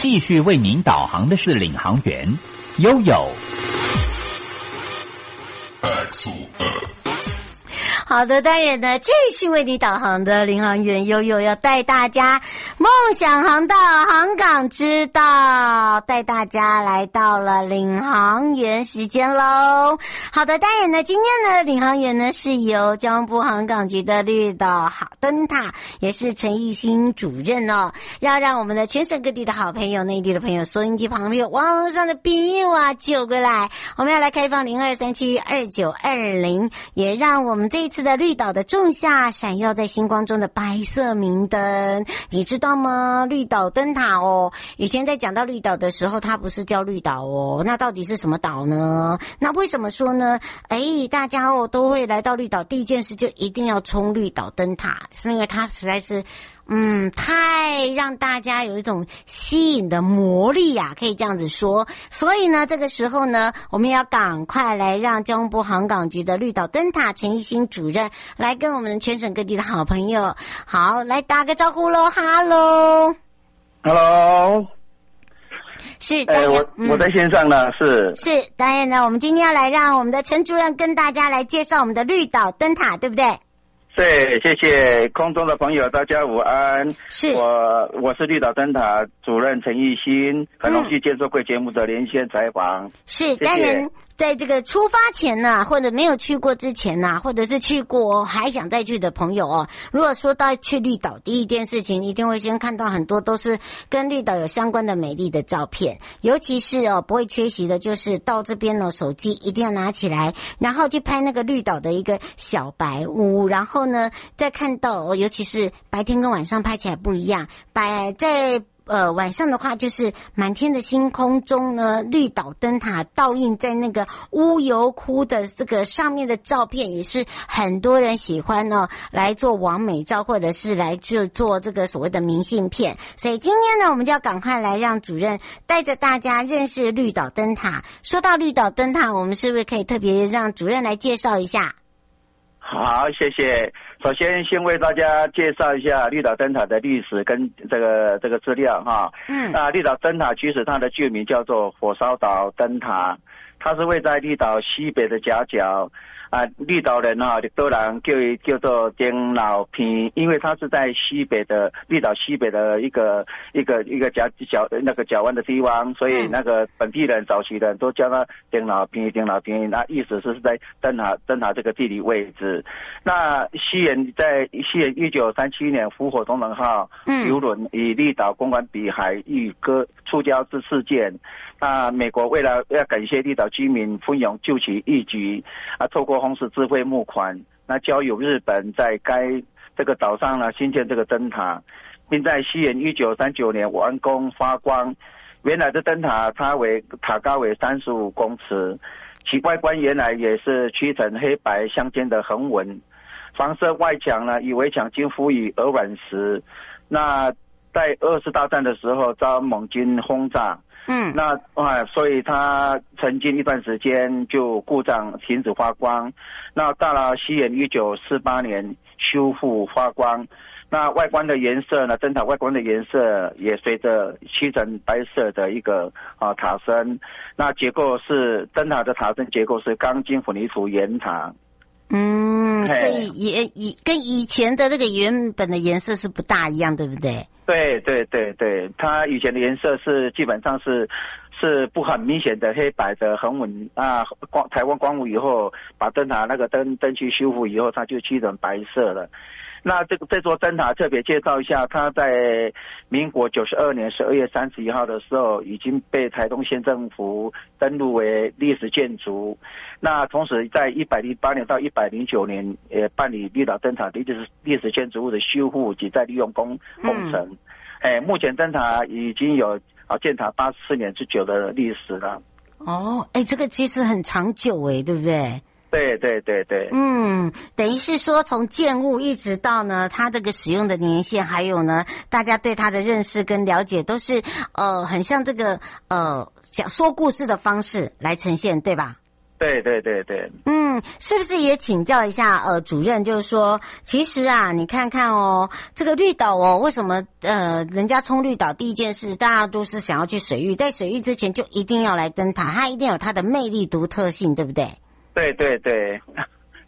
繼續為您導航的是領航員 YOYO。好的，導演呢？繼續為你導航的領航員 YOYO 要帶大家。夢想航道，航港之道，帶大家來到了領航員時間嘍。好的，當然呢，今天呢，領航員呢是由交通部航港局的綠島好燈塔，也是陳議星主任哦。要讓我們的全省各地的好朋友、內地的朋友、收音機朋友、網絡上的朋友啊，救過來，我們要來開放零二三七二九二零，也讓我們這一次的綠島的仲夏，閃耀在星光中的白色明燈，你知道。那麼綠島燈塔哦，以前在講到綠島的時候，它不是叫綠島哦，那到底是什麼島呢？那為什麼說呢？誒、哎，大家哦都會來到綠島，第一件事就一定要衝綠島燈塔，是因為它實在是。嗯，太讓大家有一種吸引的魔力呀，啊，可以這樣子說。所以呢，這個時候呢，我們要趕快來讓交通部航港局的綠島燈塔陳議星主任來跟我們全省各地的好朋友，好來打個招呼嘍，哈嘍，哈嘍 Hello，是導、欸、我我在線上呢，是，嗯、是當然呢，我們今天要來讓我們的陳主任跟大家來介紹我們的綠島燈塔，對不對？是，謝謝空中的朋友，大家午安。是，我我是綠島燈塔主任陳議星，很榮幸接受貴節目的連線採訪。嗯、謝謝是，當然。在這個出發前呢、啊，或者沒有去過之前呢、啊，或者是去過還想再去的朋友哦，如果說到去綠島第一件事情，一定會先看到很多都是跟綠島有相關的美麗的照片，尤其是哦不會缺席的就是到這邊呢、哦，手機一定要拿起來，然後去拍那個綠島的一個小白屋，然後呢再看到哦，尤其是白天跟晚上拍起來不一樣，白在。呃，晚上的話，就是滿天的星空中呢，綠島燈塔倒映在那個烏油窟的這個上面的照片，也是很多人喜歡呢，來做網美照，或者是來就做這個所謂的明信片。所以今天呢，我們就要趕快來讓主任帶着大家認識綠島燈塔。說到綠島燈塔，我們是不是可以特別讓主任來介紹一下？好，謝謝。首先，先為大家介紹一下綠島燈塔的歷史跟這個這個資料哈。嗯，啊，綠島燈塔其實它的舊名叫做火燒島燈塔，它是位在綠島西北的夾角。啊，綠島人啊、哦，就都人就叫，叫做丁老平，因為他是在西北的綠島西北的一個一個一個角角那個角灣的地方，所以那個本地人早期人都叫他丁老平，丁老平。那、啊、意思是在燈塔，燈塔這個地理位置。那西元在西元一九三七年復活東門號遊、嗯、輪與綠島公館鼻海域割觸礁之事件。那、啊、美國為了要感謝地島居民奮勇救起義舉，啊，透過紅十字會募款，那交由日本在該這個島上呢新建，這個燈塔並在西元一九三九年完工發光。原來的燈塔塔為塔高為三十五公尺，其外觀原來也是漆成黑白相間的橫紋，房舍外牆呢與圍牆均敷以鵝卵石。那在二次大戰的時候遭盟軍轟炸。嗯，那啊，所以它曾經一段時間就故障停止發光，那到了西元一九四八年修復發光，那外觀的顏色呢？燈塔外觀的顏色也隨着漆成白色的一個啊塔身，那結構是燈塔的塔身結構是鋼筋混凝土圓塔。嗯，所以也以跟以前的那個原本的顏色是不大一樣，對不對？對對對對，它以前的顏色是基本上是是不很明顯的黑白的，很穩啊。光台灣光復以後，把燈塔那個燈燈去修復以後，它就漆成白色了。那這個這座燈塔特別介紹一下，它在民國九十二年十二月三十一號的時候，已經被台東縣政府登錄為歷史建築。那同時在一百零八年到一百零九年，也辦理綠島燈塔，的就是歷史建築物的修復及再利用工工程。哎、嗯欸，目前燈塔已經有啊建塔八十四年之久的歷史了。哦，哎、欸，這個其實很長久哎、欸，對不對？對對對對，嗯，等於是說從建物一直到呢，它這個使用的年限，還有呢，大家對它的認識跟了解都是，呃，很像這個呃，講說故事的方式來呈現，對吧？對對對對，嗯，是不是也請教一下呃，主任就是說，其實啊，你看看哦，這個綠島哦，為什麼呃，人家衝綠島第一件事，大家都是想要去水域，在水域之前就一定要來登塔，它一定有它的魅力獨特性，對不對？對對對，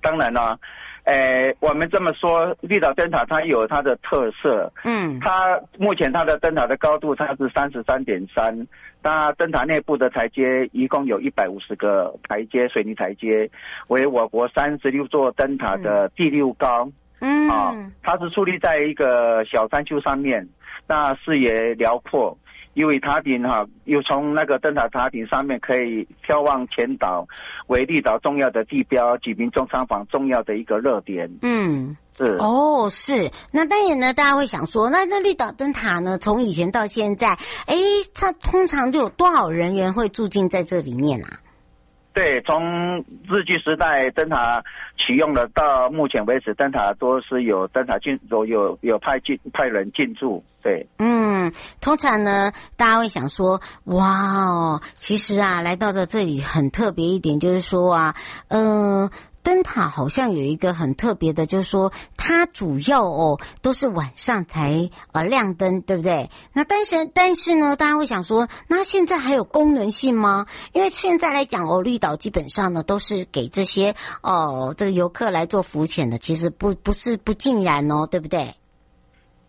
當然了、啊，誒，我們這麼說，綠島燈塔它有它的特色。嗯，它目前它的燈塔的高度它是三十三點三，那燈塔內部的台階一共有一百五十個台階，水泥台階，為我國三十六座燈塔的第六高。嗯，啊、哦，它是矗立在一個小山丘上面，那視野遼闊。因為塔頂哈、啊，又從那個燈塔塔頂上面可以眺望全島，為綠島重要的地標，居民中商房重要的一個熱點。嗯，是。哦，是。那當然呢，大家會想說，那那綠島燈塔呢，從以前到現在，誒，它通常就有多少人員會住進在這裡面啊？對，從日據時代燈塔啟用的到目前為止，燈塔都是有燈塔進有有有派進派人進駐，對。嗯，通常呢，大家會想說，哇哦，其實啊，來到的這裡很特別一點，就是說啊，嗯、呃。燈塔好像有一個很特別的，就是說它主要哦都是晚上才呃亮燈，對不對？那但是但是呢，大家會想說，那現在還有功能性嗎？因為現在來講哦，綠島基本上呢都是給這些哦這個遊客來做浮潛的，其實不不是不盡然哦，對不對？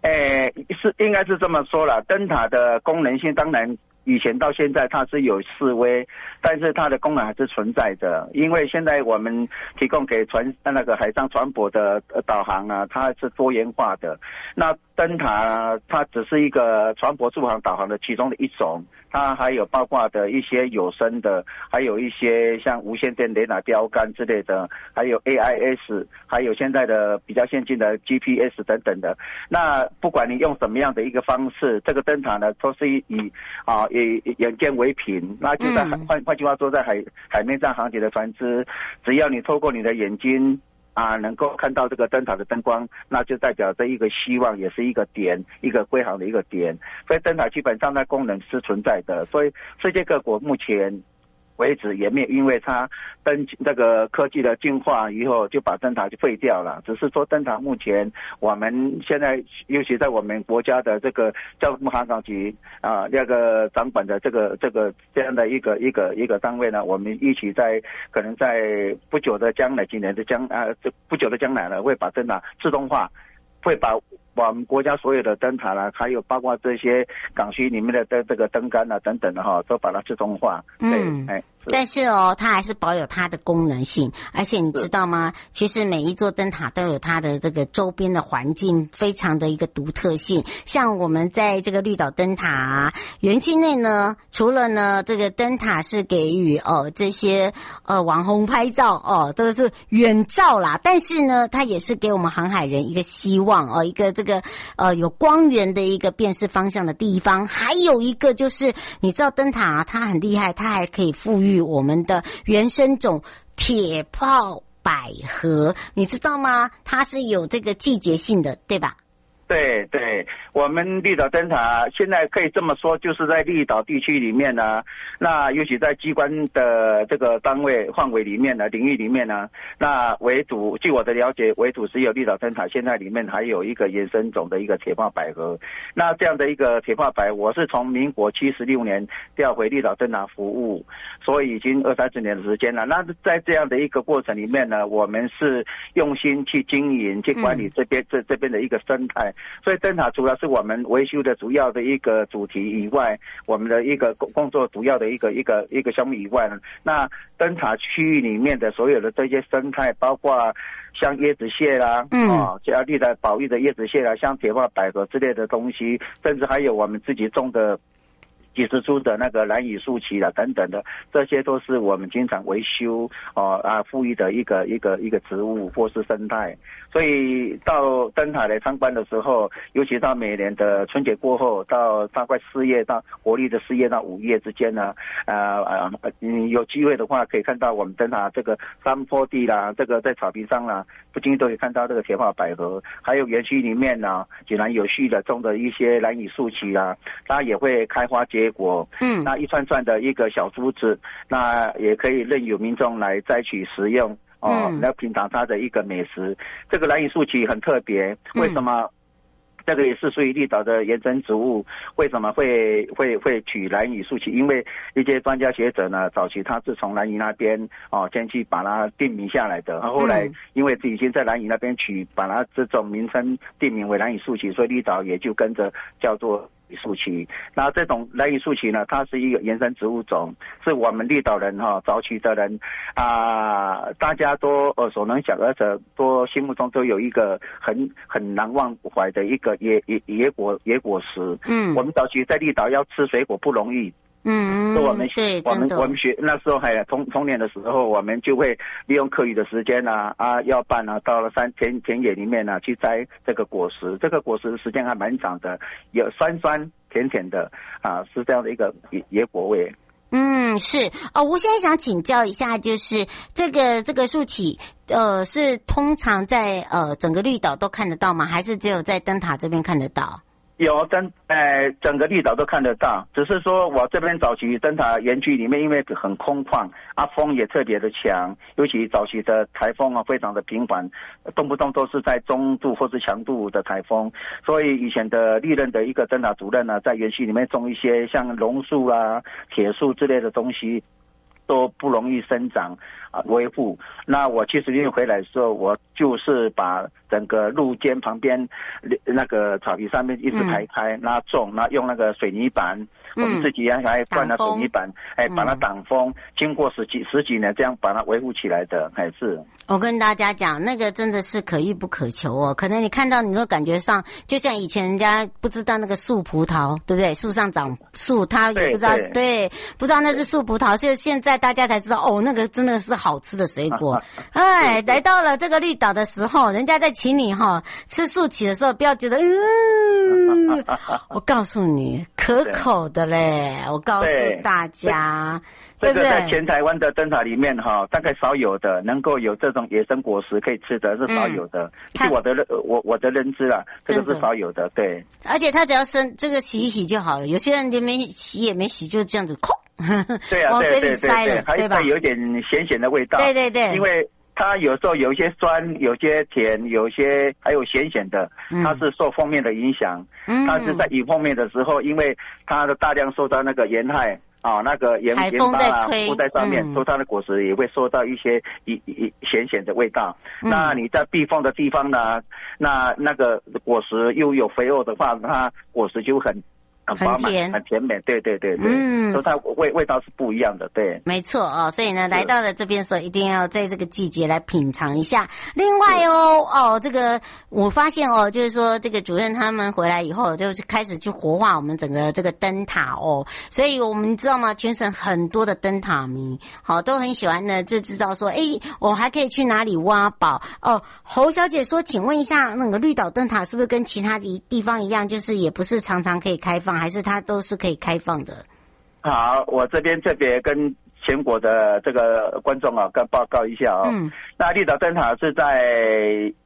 誒、欸，是應該是這麼說啦，燈塔的功能性當然。以前到現在，它是有示威，但是它的功能還是存在的。因為現在我們提供給船那個海上船舶的導航啊，它是多元化的。那。燈塔它只是一個船舶助航導航的其中的一種，它還有包括的一些有聲的，還有一些像無線電雷達標杆之類的，還有 AIS，還有現在的比較先進的 GPS 等等的。那不管你用什麼樣的一個方式，這個燈塔呢，都是以啊以眼見為憑。那就在海，換、嗯、換句話說，在海海面上航行的船隻，只要你透過你的眼睛。啊，能夠看到這個燈塔的燈光，那就代表着一個希望，也是一個點，一個歸航的一個點。所以燈塔基本上那功能是存在的。所以世界各國目前。為止也沒有，因為它登那個科技的進化以後，就把燈塔就廢掉了。只是說，燈塔目前我們現在，尤其在我們國家的這個叫航港局啊、呃、那個掌管的這個這個這樣的一個一個一個單位呢，我們一起在可能在不久的將來，今年的將啊這、呃、不久的將來呢，會把燈塔自動化，會把。把我們國家所有的燈塔啦、啊，還有包括這些港區裡面的這這個燈杆啊等等的、啊、哈，都把它自動化。嗯，但是哦，它還是保有它的功能性，而且你知道嗎？其實每一座燈塔都有它的這個周邊的環境非常的一個獨特性。像我們在這個綠島燈塔園區內呢，除了呢這個燈塔是給予哦、呃、這些呃網紅拍照哦、呃，都是遠照啦。但是呢，它也是給我們航海人一個希望哦、呃，一個這個呃有光源的一個辨識方向的地方。還有一個就是你知道燈塔、啊、它很厲害，它還可以富裕。與我們的原生種鐵炮百合，你知道嗎？它是有這個季節性的，對吧？對對，我們綠島燈塔、啊、現在可以這麼說，就是在綠島地區裡面呢、啊，那尤其在機關的這個單位範圍裡面呢、啊，領域裡面呢、啊，那唯獨，據我的了解，唯獨只有綠島燈塔，現在裡面還有一個野生種的一個鐵炮百合。那這樣的一個鐵炮百合，我是從民國七十六年調回綠島燈塔服務，所以已經二三十年的時間了。那在這樣的一個過程裡面呢，我們是用心去經營、去管理這邊、嗯、這這邊的一個生態。所以燈塔除了是我們維修的主要的一個主題以外，我們的一個工作主要的一個一個一個項目以外呢，那燈塔區域裡面的所有的這些生態，包括像椰子蟹啦，啊，當地的保育的椰子蟹啦、啊，像鐵花百合之類的東西，甚至還有我們自己種的。幾十株的那個蘭嶼樹杞啦，等等的，這些都是我們經常維修哦、啊，啊，復育的一個一個一個植物或是生態。所以到燈塔來參觀的時候，尤其到每年的春節過後，到大概四月到活力的四月到五月之間呢，啊、呃、啊，嗯，有機會的話可以看到我們燈塔這個山坡地啦，這個在草坪上啦，不經意都可以看到這個鐵炮百合，還有園區裡面呢、啊、井然有序的種的一些蘭嶼樹杞啦、啊，它也會開花結結果，嗯，那一串串的一個小珠子，那也可以任由民眾來摘取食用，哦，來品嘗它的一個美食。這個蘭嶼樹杞很特別，為什麼？這個也是屬於綠島的原生植物，為什麼會會會取蘭嶼樹杞？因為一些專家學者呢，早期他是從蘭嶼那邊哦先去把它定名下來的，啊、後來因為已經在蘭嶼那邊取把它這種名稱定名為蘭嶼樹杞，所以綠島也就跟着叫做樹杞，那這種蘭嶼樹杞呢？它是一個原生植物種，是我們綠島人哈，早期的人啊，大家都耳熟能詳，而且都心目中都有一個很很難忘懷的一個野野野果野果實。嗯，我們早期在綠島要吃水果不容易。嗯，我們，我們，我們學那時候還有童童年的時候，我們就會利用課餘的時間呢、啊，啊，要辦呢、啊，到了山田田野裡面呢、啊，去摘這個果實。這個果實時間還蠻長的，有酸酸甜甜的，啊，是這樣的一個野野果味。嗯，是啊、哦，我現在想請教一下，就是這個這個樹起，呃，是通常在呃整個綠島都看得到嗎？還是只有在燈塔這邊看得到？有燈哎、呃，整個綠島都看得到。只是說我這邊早期燈塔園區裡面，因為很空曠，啊，風也特別的強，尤其早期的颱風啊，非常的頻繁，動不動都是在中度或是強度的颱風。所以以前的歷任的一個燈塔主任呢、啊，在園區裡面種一些像榕樹啊、鐵樹之類的東西。都不容易生長，啊、呃，維護。那我去時運回來的時候，我就是把整個路肩旁邊，那個草皮上面一直排開，那、嗯、種，那用那個水泥板。嗯、我們自己呀，風還灌了水泥板，哎，把它擋風。經過十幾十幾年，這樣把它維護起來的，還是。我跟大家講，那個真的是可遇不可求哦。可能你看到，你會感覺上，就像以前人家不知道那個樹葡萄，對不對？樹上長樹，他也不知道，對，對對對不知道那是樹葡萄。所以現在大家才知道，哦，那個真的是好吃的水果。哈哈哈哈哎，對來到了這個綠島的時候，人家在請你哈、哦、吃樹杞的時候，不要覺得嗯，呃、哈哈哈哈我告訴你，對可口的。嘞，我告訴大家，這個在全台灣的燈塔裡面哈，大概少有的能夠有這種野生果實可以吃的，是少有的。是我的認，我我的認知了，這個是少有的，對。而且它只要生，這個洗一洗就好了。有些人就沒洗也沒洗，就是這樣子，對啊，對對對，往嘴裡塞了，還會有點鹹鹹的味道。對對對，因為。它有時候有一些酸，有一些甜，有一些還有鹹咸的。它是受風面的影響，嗯、它是在迎風面的時候，因為它的大量受到那個鹽害啊，那個鹽海風在吹鹽巴啦、啊、附在上面，嗯、所以它的果實也會受到一些一一鹹咸的味道。嗯、那你在避風的地方呢？那那個果實又有肥沃的話，它果實就很。很甜，嗯，很甜美，對對對對嗯，嗯，都在味味道是不一樣的，對，沒錯哦，所以呢，來到了這邊的時候，一定要在這個季節來品嘗一下。另外哦，哦，這個我發現哦，就是說這個主任他們回來以後，就是開始去活化我們整個這個燈塔哦，所以我們知道嗎？全省很多的燈塔迷，好都很喜歡呢，就知道說，哎，我還可以去哪裡挖寶哦？侯小姐說，請問一下，那個綠島燈塔是不是跟其他的地方一樣，就是也不是常常可以開放？還是它都是可以開放的。好，我這邊特別跟全國的這個觀眾啊，跟報告一下哦。嗯，那綠島燈塔是在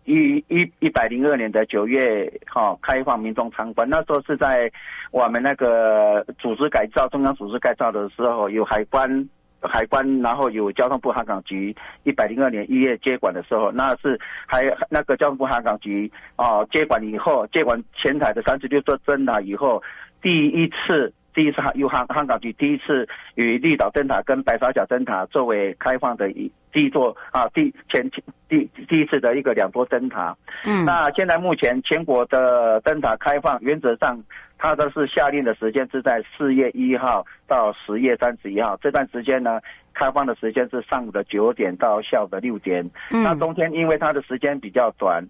一一一百零二年的九月哈、哦、開放民眾參觀，那時候是在我們那個組織改造，中央組織改造的時候，有海關海關，然後有交通部航港局。一百零二年一月接管的時候，那是還那個交通部航港局啊、哦、接管以後，接管前台的三十六座燈塔以後。第一次，第一次由航港局第一次與綠島燈塔跟白沙岬燈塔作為開放的一第一座啊第前第第一次的一個兩座燈塔。嗯，那現在目前全國的燈塔開放原則上，它的是夏令的時間是在四月一號到十月三十一號這段時間呢，開放的時間是上午的九點到下午的六點。嗯，那冬天因為它的時間比較短。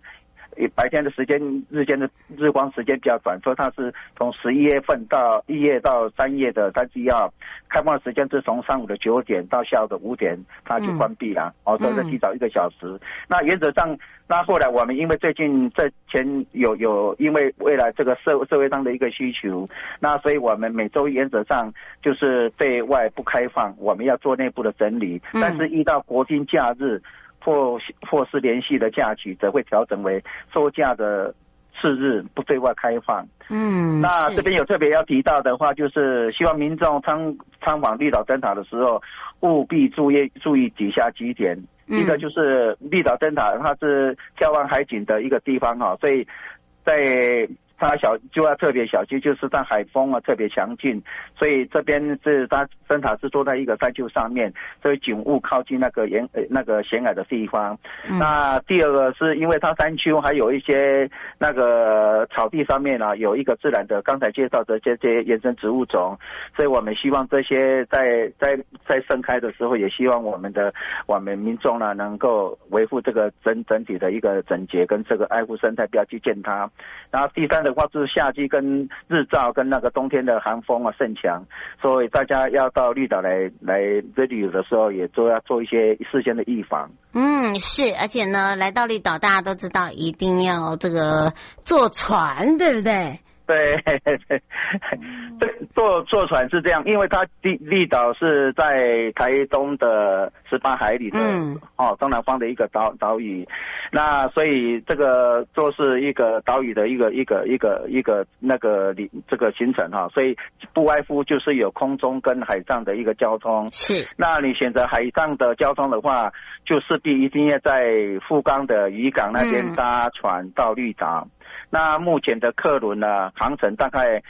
白天的時間，日間的日光時間比較短，說它是從十一月份到一月到三月的，但是要開放的時間是從上午的九點到下午的五點，它就關閉了，嗯、哦，再提早一個小時。嗯、那原則上，那後來我們因為最近這前有有，因為未來這個社社會上的一個需求，那所以我們每周原則上就是對外不開放，我們要做內部的整理，但是遇到國定假日。嗯嗯或或是連續的假期，則會調整為收假的次日不對外開放。嗯，那這邊有特別要提到的話，就是希望民眾參參訪綠島燈塔的時候，務必注意注意以下幾點。嗯、一個就是綠島燈塔它是眺望海景的一個地方哈、哦，所以在它小就要特別小心，就是在海風啊特別強勁，所以這邊是它。燈塔是坐在一個山丘上面，所以景物靠近那個沿，那個懸崖的地方。嗯、那第二個是因為它山丘還有一些那個草地上面呢、啊，有一個自然的剛才介紹的這些野生植物種，所以我們希望這些在在在盛開的時候，也希望我們的我們民眾呢、啊、能夠維護這個整整體的一個整潔跟這個愛護生態，不要去踐踏。然後第三的話是夏季跟日照跟那個冬天的寒風啊甚強，所以大家要。到綠島來來這裡有的時候也都要做一些事先的預防。嗯，是，而且呢，來到綠島，大家都知道一定要這個坐船，對不對？對，對，對，坐坐船是這樣，因為它綠綠島是在台東的十八海里的、嗯、哦，東南方的一個島島嶼那所以這個就是一個島嶼的一個一個一個一個，一個那個裡這個行程哈、哦，所以不外乎就是有空中跟海上的一個交通。是，那你選擇海上的交通的話，就勢必一定要在富岡的漁港那邊搭船到綠島。嗯嗯那目前的客輪呢、啊，航程大概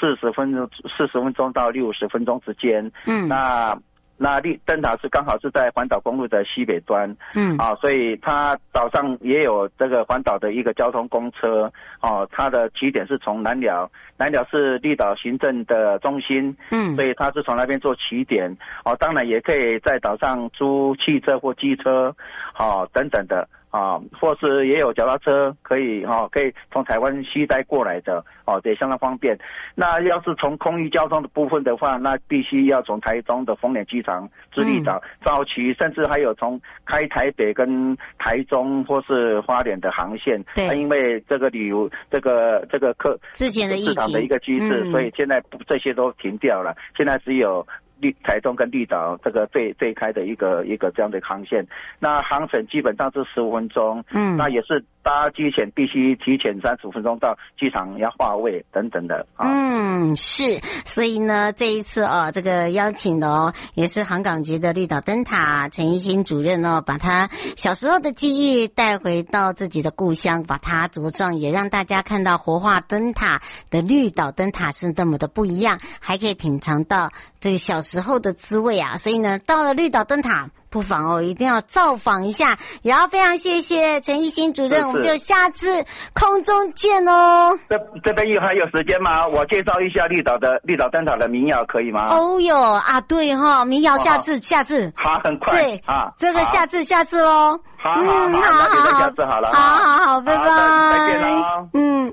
四十分鐘，四十分鐘到六十分鐘之間。嗯，那那綠燈塔是剛好是在環島公路的西北端。嗯，啊，所以它島上也有這個環島的一個交通公車。哦、啊，它的起點是從南寮，南寮是綠島行政的中心。嗯，所以它是從那邊做起點。哦、啊，當然也可以在島上租汽車或機車，好、啊，等等的。啊，或是也有腳踏車可以哈，可以從、啊、台灣攜帶過來的哦、啊，對，相當方便。那要是從空域交通的部分的話，那必須要從台中的豐年機場力找、力島、嗯、到期，甚至還有從開台北跟台中或是花蓮的航線。對，啊、因為這個旅遊這個這個客之間的市場的一個機制，嗯、所以現在這些都停掉了，現在只有。綠台東跟綠島這個對對開的一個一個這樣的航線，那航程基本上是十五分鐘，嗯，那也是搭機前必須提前三十五分鐘到機場要劃位等等的啊。嗯，是，所以呢，這一次哦，這個邀請的、哦、也是航港局的綠島燈塔陳議星主任哦，把他小時候的記憶帶回到自己的故鄉，把它茁壯，也讓大家看到活化燈塔的綠島燈塔是這麼的不一樣，還可以品嘗到這個小時候的滋味啊，所以呢，到了綠島燈塔，不妨哦，一定要造訪一下。然後非常謝謝陳議星主任，我們就下次空中見哦。這這邊有還有時間嗎？我介紹一下綠島的綠島燈塔的民謠，可以嗎？哦喲啊，對哈，民謠下次下次，好很快對啊，這個下次下次哦，好好好，好好好好好，拜拜，再見啊，嗯。